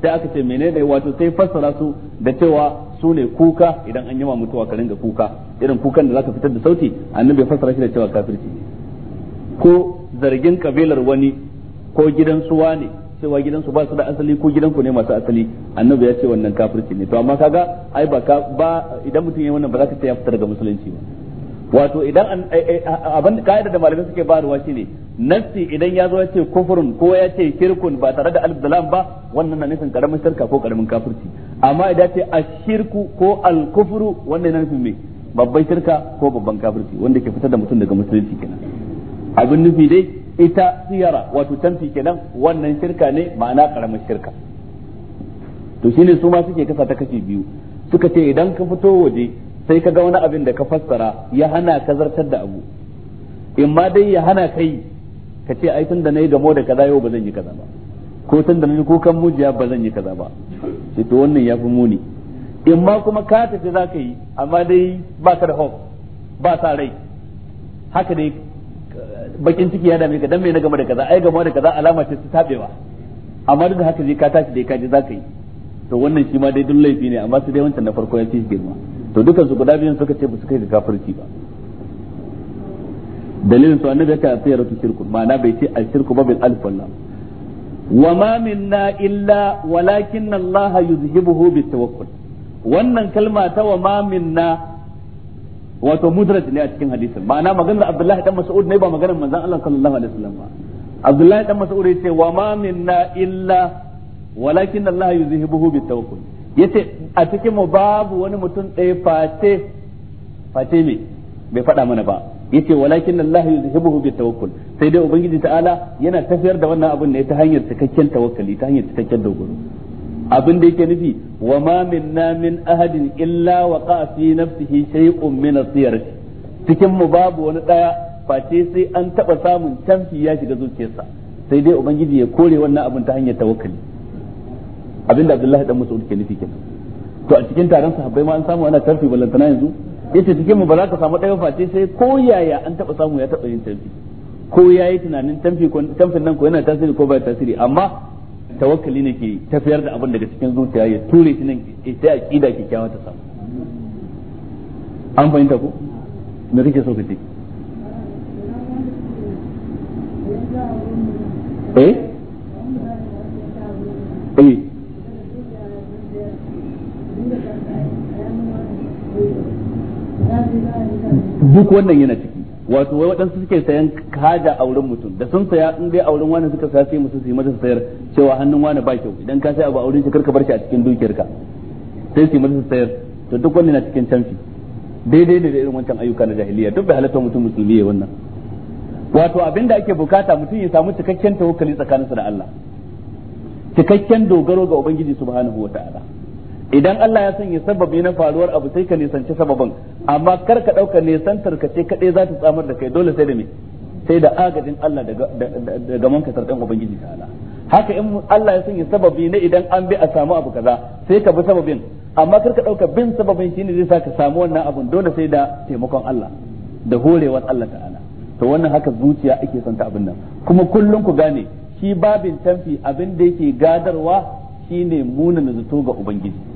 Speaker 1: sai aka ce menene wato sai fassara su da cewa su ne kuka idan an yawa mutuwa ka ringa kuka irin kukan da zaka fitar da sauti annabi ya fassara shi da cewa kafirci ko zargin kabilar wani ko gidan su wani cewa gidan su ba su da asali ko ku ne masu asali annabi ya ce wannan kafirci ne to amma kaga ai ba ba idan mutum ya wannan ba za ka ce ya fitar daga musulunci ba wato idan eh, eh, abin ka'ida da malamai suke bayarwa shine nassi idan ya zo ya ce kufurun ko ya ce shirkun ba tare da alif ba wannan na nufin karamin shirka ko karamin kafirci amma idan ce shirku ko alkufuru wannan na nufin mai babban shirka ko babban kafirci wanda ke fitar da mutum daga musulunci kenan abin nufi dai ita siyara wato tamfi kenan wannan shirka ne ma'ana karamin shirka to shine su ma suke kasa ta kashe biyu suka ce idan ka fito waje sai ka ga wani abin da ka fassara ya hana ka zartar da abu in ma dai ya hana kai ka ce ai tun da nayi gamo da kaza yau ba zan yi kaza ba ko tun da nayi kukan mujiya ba zan yi kaza ba sai to wannan ya fi muni in ma kuma ka tafi za ka yi amma dai ba ka da hope ba sa rai haka dai bakin ciki ya dame ka dan me na gama da kaza ai gama da kaza alama ce ta tabewa amma duk da haka je ka tashi dai ka je za ka yi to wannan shi ma dai dun laifi ne amma sai dai wancan na farko ya fi girma to dukansu guda biyun suka ce ba su kai ga kafirci ba dalilin su annabi yake tsayar tu shirku ma'ana bai ce a shirku ba bil alif wal lam wa ma minna illa walakin Allah yuzhibuhu bit tawakkul wannan kalma ta wa ma minna wato mudraj ne a cikin hadisin ma'ana maganar Abdullahi dan Mas'ud ne ba maganar manzon Allah sallallahu alaihi wasallam ba Abdullahi dan Mas'ud yace wa ma minna illa walakin Allah yuzhibuhu bit tawakkul yace a cikin mu babu wani mutum ɗaya face face me bai faɗa mana ba yace walakin Allah yuzhibuhu bi tawakkul sai dai ubangiji ta'ala yana tafiyar da wannan abun ne ta hanyar cikakken tawakkali ta hanyar cikakken dogaro abin da yake nufi wa ma minna min ahadin illa wa qafi fi nafsihi shay'un min asiyar cikin mu babu wani daya face sai an taɓa samun canfi ya shiga zuciyarsa sai dai ubangiji ya kore wannan abun ta hanyar tawakkali abinda Abdullahi dan Mas'ud ke nufi kenan to a cikin taron sahabbai ma an samu ana tarfi ballantana yanzu yace cikin mu ba za ka samu ɗaya face sai ko yaya an taba samu ya taba yin tarfi ko yayi tunanin ko tamfin nan ko yana tasiri ko ba tasiri amma tawakkali ne ke tafiyar da abin daga cikin zuciya ya ture shi nan sai ke kyawa ta samu an fahimta ko me kake so ka ce
Speaker 2: eh eh
Speaker 1: duk wannan yana ciki wato wai waɗansu suke sayan haja a wurin mutum da sun saya in dai auren wani suka saya sai mutum su yi masa sayar cewa hannun wani ba kyau idan ka sai abu auren shi karka bar shi a cikin dukiyarka sai su yi masa sayar to duk wannan yana cikin canfi daidai ne da irin wancan ayyuka na jahiliya duk bai halatta mutum musulmi ya wannan wato abinda ake bukata mutum ya samu cikakken tawakkali tsakaninsa da Allah cikakken dogaro ga ubangiji subhanahu wataala idan Allah ya sanya sababi na faruwar abu sai ka nisanci sababin amma kar ka dauka nisantar ka ce kadai za ta tsamar da kai dole sai da me sai da agajin Allah daga manka dan ubangiji ta'ala haka in Allah ya sanya sababi na idan an bi a samu abu kaza sai ka bi sababin amma kar ka dauka bin sababin shine zai sa ka samu wannan abun dole sai da taimakon Allah da horewar Allah ta'ala to wannan haka zuciya ake santa abin nan kuma kullun ku gane shi babin tanfi abin da yake gadarwa shine munana zato ga ubangiji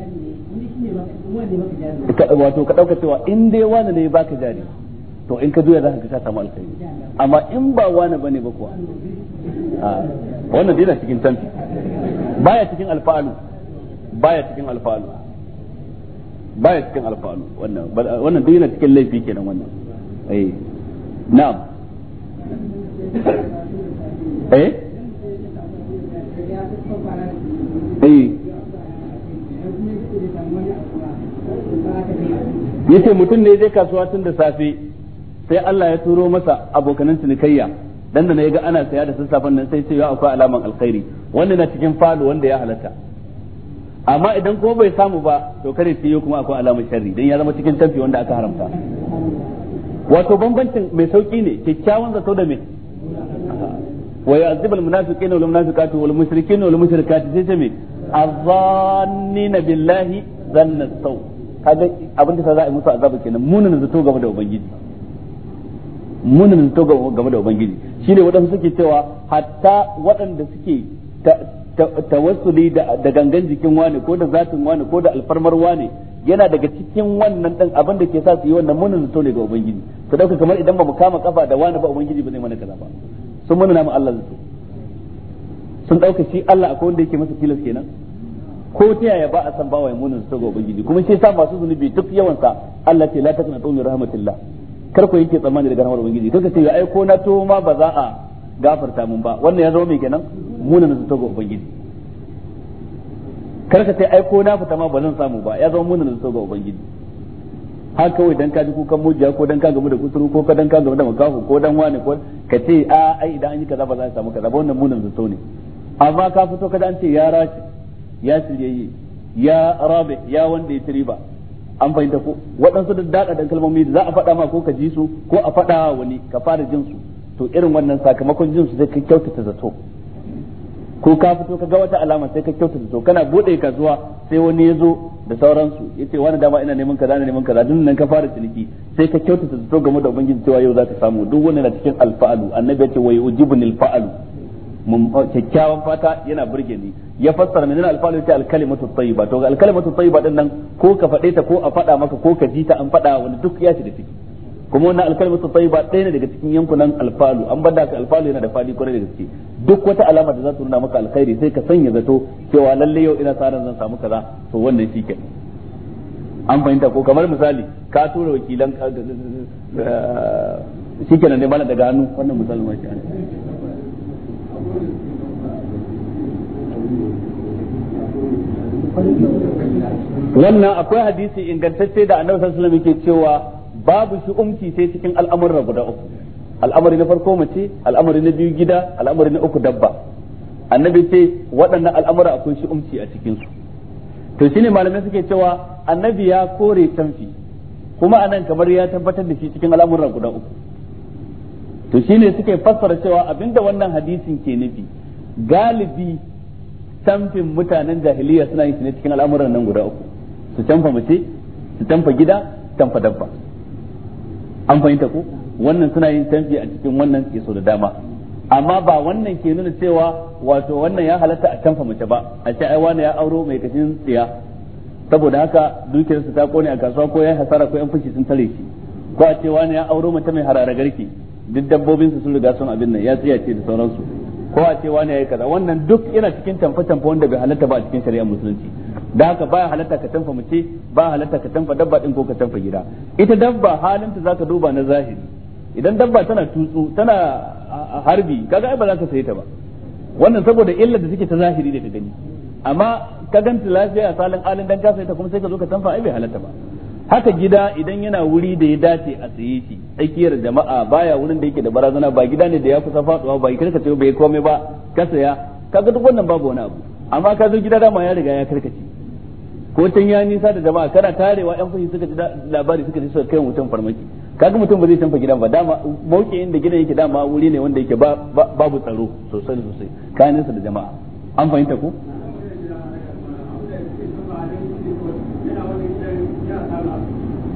Speaker 1: wato ka dauka cewa in dai wani ne baka jari to in ka juya za ka samu alkhairi amma in ba wani bane ba kuwa wannan dai na cikin tanfi baya cikin alfalu baya cikin alfalu baya cikin alfalu wannan wannan dai na cikin laifi kenan wannan eh na'am
Speaker 2: eh eh
Speaker 1: yace mutum ne zai kasuwa tun da safe sai Allah ya turo masa abokanan cinikayya dan da ya ga ana saya da sassafen nan sai ya akwai alaman alkhairi wanda na cikin falo wanda ya halatta amma idan kuma bai samu ba to kare sai kuma akwai alaman sharri dan ya zama cikin tafi wanda aka haramta wato bambancin mai sauki ne kyakkyawan zato da mai wa ya'zibul munafiqina wal munafiqati wal mushrikina wal mushrikati sai ce mai azannina billahi zanna sau kaga abin da za a yi musu azaba kenan munin zato game da ubangiji munin zato game da ubangiji shine waɗanda suke cewa hatta waɗanda suke tawassuli da gangan jikin wani ko da zatin wani ko da alfarmar wani yana daga cikin wannan dan abin da ke sa su yi wannan munin zato ne ga ubangiji su dauka kamar idan ba mu kama kafa da wani ba ubangiji ba zai mana kaza ba sun munana mu Allah zato sun dauka shi Allah akwai wanda yake masa tilas kenan ko ta yaya ba a san ba bawa munin su ga ubangiji kuma shi yasa masu zunubi duk yawan sa Allah ce la takna tawni rahmatillah kar ku yake tsammani daga rahmar ubangiji kaga ce ai ko na to ma ba za a gafarta mun ba wannan ya zama me kenan munin su ga ubangiji kar ka ce ai ko na fita ma ba zan samu ba ya zama munin su ga ubangiji har kawai dan ka ji kukan mujiya ko dan ka gamu da kusuru ko ka dan ka gamu da makafu ko dan wani ko ka ce a ai idan an yi kaza ba za a samu kaza ba wannan munin zato ne amma ka fito kada an ce ya rashi ya shiryayye ya rabe ya wanda ya ci ba an fahimta ko waɗansu da daɗa da kalmomi da za a faɗa ma ko ka ji su ko a faɗa wani ka fara jin su to irin wannan sakamakon jin su sai ka kyautata zato ko ka fito ka ga wata alama sai ka kyautata zato kana bude kasuwa sai wani ya zo da sauransu ya ce wani dama ina neman kaza ina neman kaza dun nan ka fara ciniki sai ka kyautata zato game da ubangiji cewa yau za ka samu duk wannan na cikin alfa'alu annabi ya ce wa yujibunil fa'alu kyakkyawan fata yana burge ni ya fassara menene alfalu ta alkalimatu tayyiba to alkalimatu tayyiba din nan ko ka faɗe ta ko a faɗa maka ko ka ji ta an faɗa wani duk ya ci da ciki kuma wannan alkalimatu tayyiba ɗaya ne daga cikin yankunan alfalu an bada ka alfalu yana da fadi kwarai da gaske duk wata alama da za ta nuna maka alkhairi sai ka sanya zato cewa lalle yau ina sa zan samu kaza to wannan shi an fahimta ko kamar misali ka tura wakilan shi kenan ne mana daga hannu wannan misalin ma
Speaker 2: kenan wannan
Speaker 1: akwai hadisi ingantacce da annabi sallallahu alaihi wasallam yake cewa babu shi umki sai cikin al'amuran guda uku al'amari na farko mace al'amari na biyu gida al'amari na uku dabba annabi ce waɗannan al'amura akwai shi umki a cikin su to shine malamai suke cewa annabi ya kore tamfi kuma anan kamar ya tabbatar da shi cikin al'amuran guda uku to shine suke fassara cewa abinda wannan hadisin ke nufi galibi tamfin mutanen jahiliya suna yin shi ne cikin al'amuran nan guda uku su tamfa mace su tamfa gida tamfa dabba an fahimta ko wannan suna yin tamfi a cikin wannan so da dama amma ba wannan ke nuna cewa wato wannan ya halatta a tamfa mace ba a ce ai wani ya auro mai kashin tsiya saboda haka dukiyarsa ta kone a kasuwa ko ya hasara ko yan fushi sun tare shi ko a ce wani ya auro mace mai harara garki duk dabbobin su sun riga sun abin nan ya tsaya ce da sauransu ko a ce wani yayi kaza wannan duk yana cikin tamfa tamfa wanda bai halatta ba a cikin shari'ar musulunci da haka baya halatta ka tamfa mace ba halatta ka tamfa dabba din ko ka tamfa gida ita dabba halinta zaka duba na zahiri idan dabba tana tutsu tana harbi kaga ai ba za ka sayi ta ba wannan saboda illar da take ta zahiri da ta gani amma ka ganta lafiya a salin alin dan ka sai ta kuma sai ka zo ka tamfa ai bai halatta ba haka gida idan yana wuri da ya dace a tsaye shi tsakiyar jama'a baya wurin da yake da barazana ba gida ne da ya kusa faduwa ba karkace ce bai kome ba ka saya kaga duk wannan babu wani abu amma ka zo gida dama ya riga ya karkace ko tun ya nisa da jama'a kana tarewa yan fashi suka ji labari suka ji suka kai mutum farmaki kaga mutum ba zai canfa gidan ba dama mauke inda gidan yake dama wuri ne wanda yake babu tsaro sosai sosai kayan da jama'a an fahimta ko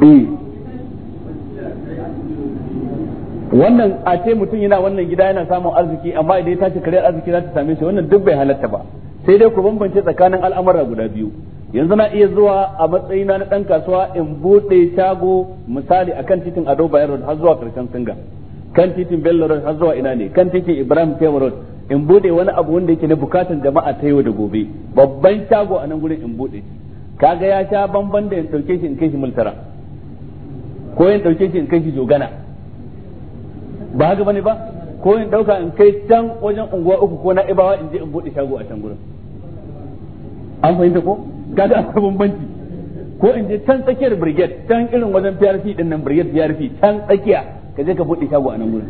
Speaker 1: E. wannan a ce mutum yana wannan gida yana samun arziki amma idan ya tashi kare arziki za ta same shi wannan duk bai halatta ba sai dai ku bambance tsakanin al'amura guda biyu yanzu na iya zuwa a matsayina na dan kasuwa in bude shago misali akan titin Ado Bayan Road har zuwa karshen Singa kan titin Bello Road har zuwa ina ne kan titin Ibrahim Tewa Road in bude wani abu wanda yake na bukatan jama'a ta yau da gobe babban shago a nan gurin in bude kaga ya sha bamban da in dauke shi in kai shi multara ko in dauke shi in kai shi jogana ba haka bane ba ko in dauka in kai can wajen unguwa uku ko na ibawa in je in bude shago a can gurin an fahimta ko kaga akwai bambanci ko in je can tsakiyar brigade can irin wajen prc din nan brigade PRC can tsakiya ka je ka bude shago a nan gurin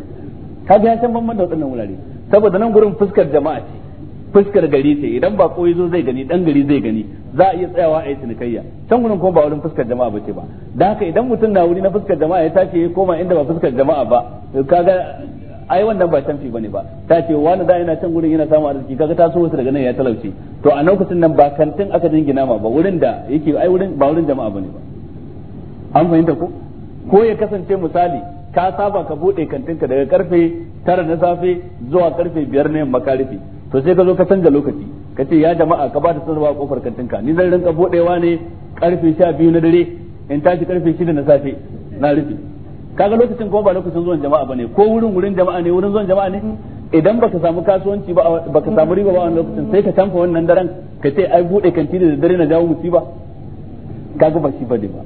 Speaker 1: kaga ya san bambanci da wurare saboda nan gurin fuskar jama'a ce fuskar gari ce idan ba koyi zo zai gani dan gari zai gani za a iya tsayawa a yi cinikayya can gurin kuma ba wurin fuskar jama'a bace ba da haka idan mutum na wuri na fuskar jama'a ya tashi ya koma inda ba fuskar jama'a ba kaga ai wannan ba canfi bane ba ta ce wani da yana can gurin yana samu arziki kaga ta so wasu daga nan ya talauce to a lokacin nan ba kantin aka dingina ma ba wurin da yake ai wurin ba wurin jama'a bane ba an fahimta ko ko ya kasance misali ka saba ka bude kantinka daga karfe tara na safe zuwa karfe biyar na yamma ka rufe to sai ka zo ka canza lokaci ka ce ya jama'a ka ba da sanarwa a kofar kantinka ni zan rinka budewa ne karfe sha biyu na dare in tashi karfe shida na safe na rufe kaga lokacin kuma ba lokacin zuwan jama'a bane ko wurin wurin jama'a ne wurin zuwan jama'a ne idan baka samu kasuwanci ba baka samu riba ba wannan lokacin sai ka tamfa wannan daren ka ce ai buɗe kanti da dare na jawo musiba kaga ba shi bane ba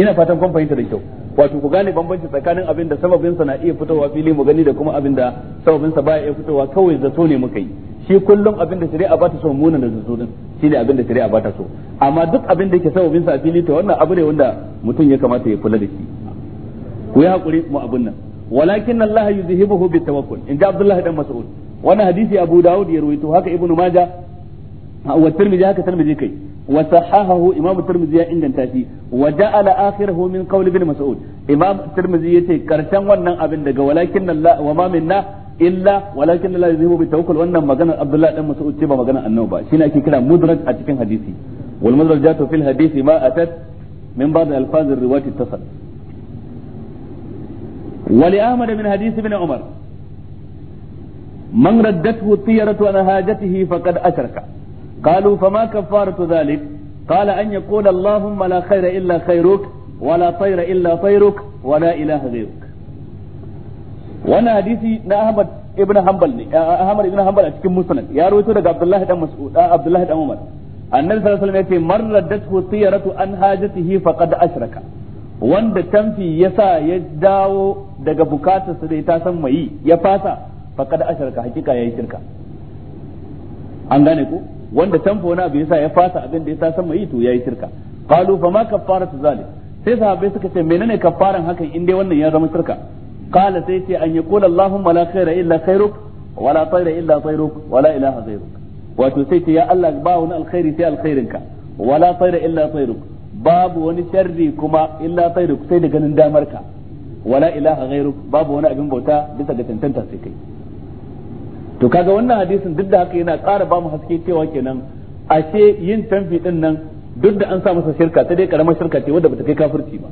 Speaker 1: ina fatan kun fahimta da kyau wato ku gane bambanci tsakanin abin da sababin sa na iya fitowa fili mu gani da kuma abin da sababin sa baya iya fitowa kawai zato ne muka yi shi kullum abin da shari'a ba ta so munan da zato din shine abin da shari'a ba ta so amma duk abin da yake sababin sa a fili to wannan abu ne wanda mutum ya kamata ya kula da shi ku yi hakuri mu abin nan walakin Allah yuzhibuhu bitawakkul in ji Abdullah dan Mas'ud wannan hadisi Abu Dawud ya ruwaito haka Ibn Majah wa tirmidhi haka tirmidhi kai wa sahahahu imam tirmidhi ya inganta shi wa ja'ala akhirahu min qawl ibn mas'ud imam tirmidhi yace karshen wannan abin daga walakin Allah wa ma minna illa walakin Allah yuzhibu bi tawakkul wannan maganar Abdullah dan Mas'ud ce ba maganar annabi ba shine ake kira mudraj a cikin hadisi wal mudraj jatu fil hadisi ma atat min ba'd alfaz riwayat ittasal wa li Ahmad min hadisi ibn Umar man raddathu tiyaratu an hajatihi faqad asharka قالوا فما كفارة ذلك قال أن يقول اللهم لا خير إلا خيرك ولا طير إلا طيرك ولا إله غيرك وانا حديثي نا أحمد ابن حنبل أحمد ابن حنبل أتكلم مسلم يا رويتو عبد الله بن مسعود عبد الله بن عمر annabi sallallahu alaihi wasallam yace man raddatu tiyaratu an hajatihi faqad ashraka wanda tamfi yasa ya dawo daga bukatarsa da ta san mai ya fasa faqad ashirka hakika yayi shirka an gane ku. wanda tamfo na abu yasa ya fasa abin da yasa san mai to yayi shirka qalu fa ma kaffaratu zalik sai sahabbai suka ce menene kaffaran hakan inda wannan ya zama shirka qala sai ce an yaqula allahumma la khaira illa khairuk wala la tayra illa tayruk wala la ilaha ghayruk wato sai ce ya Allah ba wani alkhairi sai alkhairinka wa la tayra illa tayruk babu wani sharri kuma illa tayruk sai da ganin damarka wala ilaha ghayruk babu wani abin bauta bisa ga tantanta sai kai to kaga wannan hadisin duk da haka yana ƙara ba mu haske cewa kenan ashe yin tanfi din nan duk da an sa masa shirka ta dai karamar shirka ce wadda bata kai kafirci ba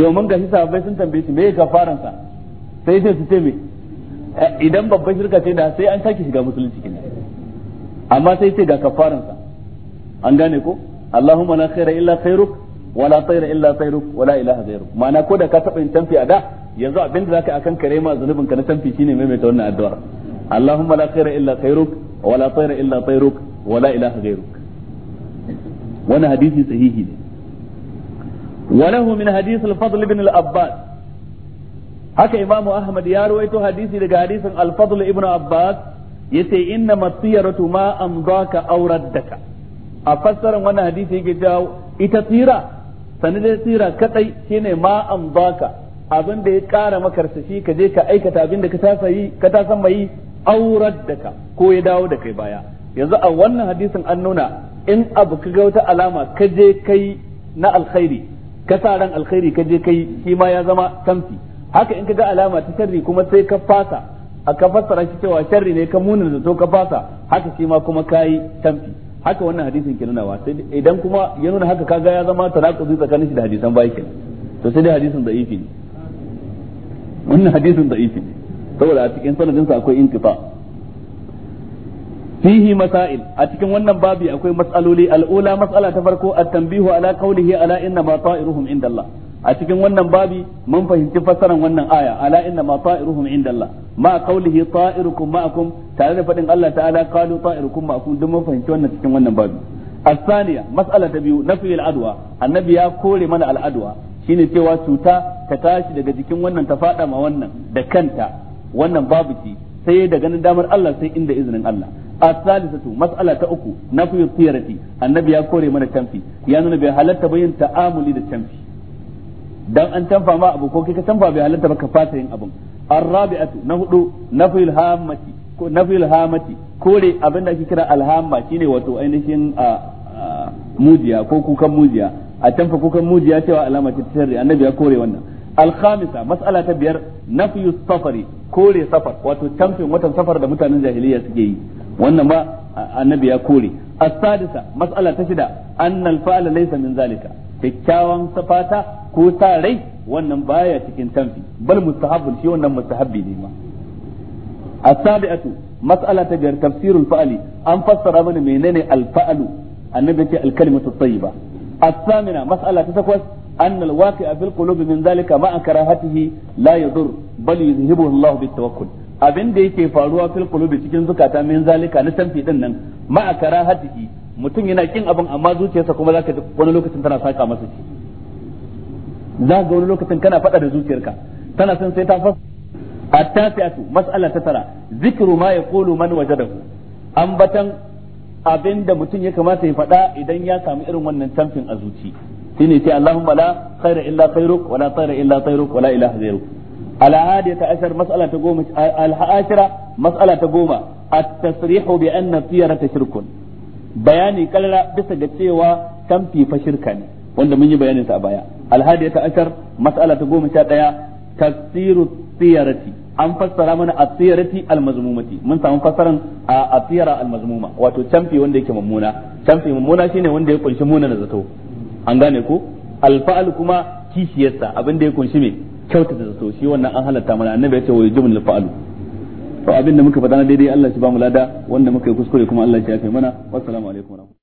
Speaker 1: domin ga shi sahabbai sun tambaye shi me ya kafaran sa sai sai su ce me eh, idan babban shirka ce da sai an sake shiga musulunci kenan amma sai ce ga kafaran sa an gane ko Allahumma la khaira illa khairuk wala tayra illa tayruk wala ilaha ghairuk ma'ana ko da ka taba yin tanfi a da yanzu abinda zaka akan kare ma zanubin ka na tanfi shine maimaita wannan addu'ar Allahumma la illa khairuk wa la illa tayruk wa la ilaha ghairuk hadisi sahihi ne min hadith al-fadl haka imam ahmad ya rawaito hadisi daga hadisin al-fadl ibn abbas yace inna masiyaratu ma amdaka a fassarar wannan hadisi yake jawo ita tsira sanadin tsira kadai shine ma amdaka abin da ya kara maka shi ka je ka aikata abin da ka tasa yi ka mai aurar da ka ko ya dawo da kai baya yanzu a wannan hadisin an nuna in abu ka ga wata alama ka je kai na alkhairi ka sa ran alkhairi ka je kai shi ma ya zama tamfi haka in ka ga alama ta sharri kuma sai ka fasa a ka fassara shi cewa sharri ne ka munin da to ka fasa haka shi ma kuma kayi tamfi haka wannan hadisin ke nunawa sai idan kuma ya nuna haka kaga ya zama tanaquzi tsakanin shi da hadisan baya to sai dai hadisin da'ifi ne wannan hadisin da'ifi ne saboda a cikin sanadin sa akwai inkifa fihi masail a cikin wannan babi akwai mas'aloli al'ula mas'ala ta farko at-tanbihu ala qawlihi ala inna ma ta'iruhum indallah a cikin wannan babi mun fahimci fassaran wannan aya ala inna ma ta'iruhum indallah ma qawlihi ta'irukum ma'akum tare da fadin Allah ta'ala qalu ta'irukum ma'akum duk mun fahimci wannan cikin wannan babi الثانية مسألة تبيو نفي العدوى النبي يا كوري من العدوى shine cewa cuta ta tashi daga jikin wannan ta fada ma wannan da kanta wannan babu shi sai da ganin damar Allah sai inda izinin Allah as-salisatu mas'ala ta uku nafyu tiyarati annabi ya kore mana tamfi ya nuna bai halatta ba yin ta'amuli da tamfi dan an tamfa ma abu ko kai ka tamfa bai halatta ba ka fata yin abun ar-rabi'atu na hudu nafyu al-hamati ko nafyu al-hamati kore abin da ake kira alhamma hamma shine wato ainihin a mujiya ko kukan mujiya a tamfa kukan mujiya cewa alama ta sharri annabi ya kore wannan الخامسة مسألة تبير نفي السفر كوري سفر وتتمفي وتن سفر دا متان جاهلية سجي وإنما النبي يقولي السادسة مسألة تشد أن الفعل ليس من ذلك kyakkyawan safata ko sa rai wannan baya cikin tamfi bal mustahabbun shi wannan mustahabbi ne ma as-sabi'atu mas'ala ta biyar tafsirin fa'ali an fassara mana menene al-fa'alu annabi ce al-kalimatu samina ta takwas أن الواقع في القلوب من ذلك مع كراهته لا يضر بل يذهبه الله بالتوكل abin da yake faruwa fil qulubi cikin zukata min zalika na tanfi din nan ma hadiki mutum yana kin abin amma zuciyarsa kuma zaka wani lokacin tana saka masa shi za ga wani lokacin kana fada da zuciyarka tana son sai ta fas at-tasi'atu mas'ala ta tara zikru ma yaqulu man wajadahu ambatan abin da mutum ya kamata ya faɗa idan ya samu irin wannan tamfin a zuci shine sai Allahumma la khayra illa khayruk wa la tayra illa tayruk wa la ilaha ghayruk al-hadiyata goma al-ashira mas'ala goma at-tasrihu bi anna shirkun bayani kallara bisa cewa tamfi fa wanda sa a baya al-hadiyata goma sha an fassara mana a tsirati almazmumati mun samu fassaran a tsira almazmuma wato canfi wanda yake mummuna canfi mummuna shine wanda ya kunshi muna na zato an gane ko alfa'al kuma kishiyarsa abin da ya kunshi kyauta kyautata zato shi wannan an halatta mana annabi ya ce wa yujibul alfa'al to abin da muka faɗa na daidai Allah shi ba mu lada wanda muka yi kuskure kuma Allah shi ya kai mana wassalamu alaikum